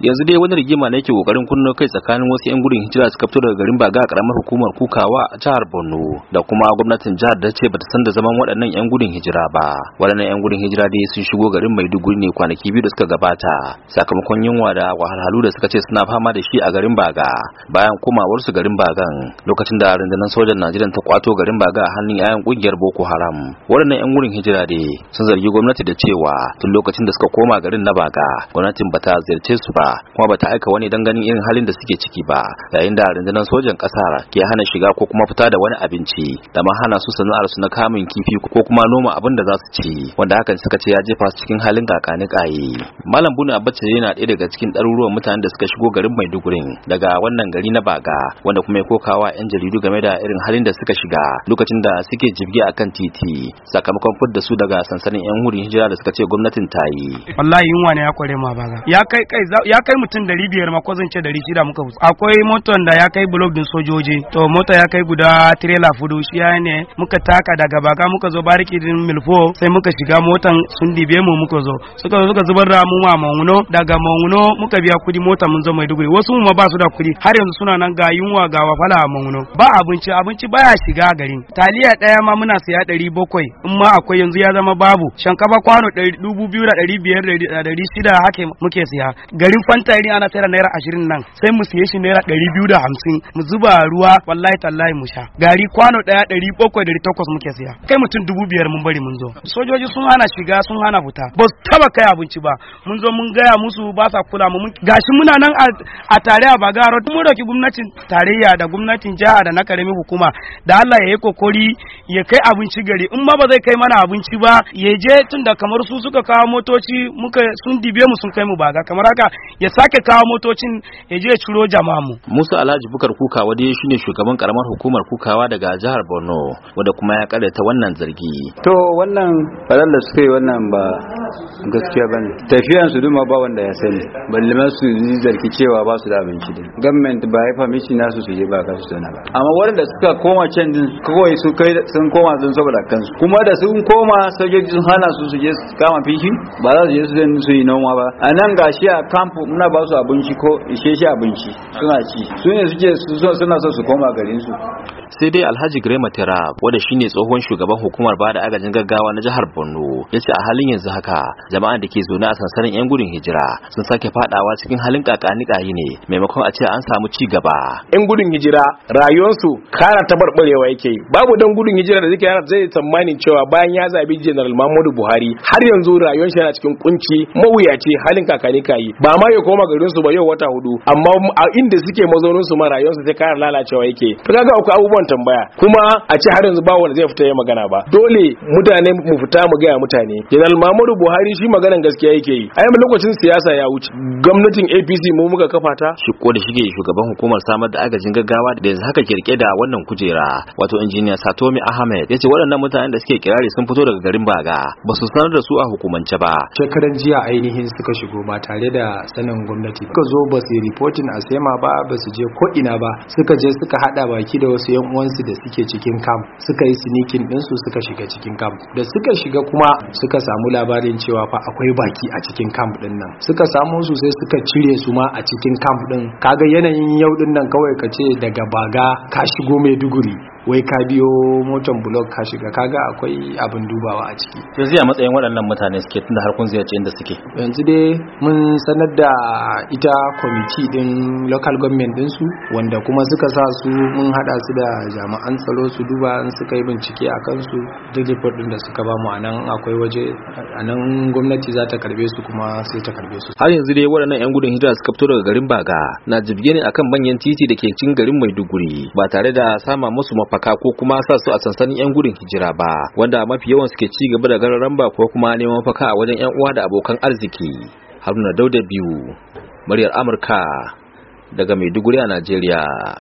yanzu dai wani rigima ne ke kokarin kunno kai tsakanin wasu yan gudun hijira suka fito daga garin Baga karamar hukumar Kukawa a jihar Borno da kuma gwamnatin jihar da ce bata san da zaman waɗannan yan gudun hijira ba waɗannan yan gudun hijira dai sun shigo garin Maiduguri ne kwanaki biyu da suka gabata sakamakon yunwa da wahalhalu da suka ce suna fama da shi a garin Baga bayan komawar su garin Bagan lokacin da rundunar sojan Najeriya ta kwato garin Baga a hannun yayan kungiyar Boko Haram waɗannan yan gudun hijira dai sun zargi gwamnati da cewa tun lokacin da suka koma garin na Baga gwamnatin bata ziyarce su ba kuma bata aika wani dan ganin irin halin da suke ciki ba yayin da rundunar sojan kasar ke hana shiga ko kuma fita da wani abinci da ma hana su sana'ar su na kamun kifi ko kuma noma abin da za su ci wanda hakan suka ce ya jefa su cikin halin kakani kaye malam bunu abacce yana ɗaya daga cikin ɗaruruwan mutanen da suka shigo garin maiduguri daga wannan gari na baga wanda kuma ya kokawa yan jaridu game da irin halin da suka shiga lokacin da suke jibgi akan titi sakamakon fudda su daga sansanin yan wurin hijira da suka ce gwamnatin ta yi wallahi yunwa ne ya kware ma baga ya kai kai ya kai mutum dari biyar ma ko zan ce dari shida muka fusa akwai motan da ya kai blok din sojoji to mota ya kai guda trailer fudu shi ne muka taka daga baka muka zo bariki din milfo sai muka shiga motan sun dibe mu muka zo suka zo suka zubar da mu ma mauno daga mauno muka biya kudi mota mun zo maiduguri wasu mu ma ba su da kudi har yanzu suna nan ga yunwa ga wafala a mauno ba abinci abinci baya shiga garin taliya daya ma muna saya ɗari bakwai in ma akwai yanzu ya zama babu shankafa kwano dubu biyu da ɗari biyar da ɗari shida haka muke siya garin kwantari ana sayar naira ashirin nan sai mu siye shi naira ɗari biyu da hamsin mu zuba ruwa wallahi tallahi mu sha gari kwano ɗaya ɗari bakwai ɗari takwas muke siya kai mutum dubu biyar mun bari mun zo sojoji sun hana shiga sun hana fita ba su taba kai abinci ba mun zo mun gaya musu ba sa kula mu gashi muna nan a tare a gara mun roki gwamnatin tarayya da gwamnatin jiha da na karamin hukuma da Allah ya yi kokori ya kai abinci gari in ma ba zai kai mana abinci ba ya je tun da kamar su suka kawo motoci muka sun dibe mu sun kai mu baga kamar haka ya sake kawo motocin ya je ciro jama'a mu Musa Alhaji Bukar Kukawa dai shine shugaban karamar hukumar Kukawa daga jihar Borno wanda kuma ya ta wannan zargi to wannan faran da suka yi wannan ba gaskiya ba ne tafiyan su duma ba wanda ya sani balliman su yi zarki cewa ba su da abinci din government ba ya famishi nasu su je ba ka su zauna ba amma waɗanda suka koma can din kawai su kai sun koma sun saboda kansu kuma da sun koma sojoji sun hana su su je su kama fishi ba za su je su zai su yi noma ba a nan shi a kamfu muna ba su abinci ko ishe shi abinci suna ci su ne suke suna so su koma garin su sai dai alhaji grema tira wanda shine tsohon shugaban hukumar ba da agajin gaggawa na jihar borno ya ce a halin yanzu haka jama'an da ke zaune a sansanin yan gudun hijira sun sake fadawa cikin halin kakanikayi ne maimakon a ce an samu ci gaba yan gudun hijira rayuwarsu kara tabarbarewa yake babu dan gudun hijira da zai zai tsammanin cewa bayan ya zabi general muhammadu buhari har yanzu rayuwar shi yana cikin kunci mawuyaci halin kakanikayi ba ma ya koma garin su ba yau wata hudu amma a inda suke mazaunin su ma rayuwarsu sai kara lalacewa yake to kaga akwai abubuwan tambaya kuma a ce har yanzu ba wanda zai fita ya magana ba dole mutane mu fita mu gaya mutane general Muhammadu Buhari shi maganan gaskiya yake yi a lokacin siyasa ya wuce gwamnatin APC mu muka kafa ta shi ko da shige shugaban hukumar samar da agajin gaggawa da yanzu haka kirke da wannan kujera wato injiniya Satomi Ahmed yace waɗannan mutanen da suke kirari sun fito daga garin Baga ba su sanar da su a hukumance ba shekaran jiya ainihin suka shigo ba tare da sanin gwamnati ba suka zo ba su reporting a sema ba ba su je ko ina ba suka je suka hada baki da wasu yan Wansu da suke cikin kam suka yi sinikin ɗinsu suka shiga cikin camp da suka shiga kuma suka samu labarin cewa fa akwai baki a cikin camp ɗin nan suka samu su sai suka cire su ma a cikin camp ɗin kaga yanayin yau ɗin nan kawai ka ce daga baga ka shigo maiduguri wai ka biyo motan blog ka shiga kaga akwai abin dubawa a ciki yanzu ya matsayin waɗannan mutane suke tunda har kun ziyarci inda suke yanzu dai mun sanar da ita kwamiti din local government din su wanda kuma suka sa su mun hada su da jami'an tsaro su duba in suka yi bincike a kansu duk report din da suka ba mu anan akwai waje anan gwamnati za ta karbe su kuma sai ta karbe su har yanzu dai waɗannan yan gudun hijira suka fito daga garin Baga na jibge akan manyan titi da ke cikin garin Maiduguri ba tare da sama musu mafaka mafaka ko kuma sa su a sansanin yan gudun hijira ba wanda mafi yawan suke ci gaba da gararan ba ko kuma neman mafaka a wajen yan uwa da abokan arziki haruna dauda biyu muryar amurka daga maiduguri a najeriya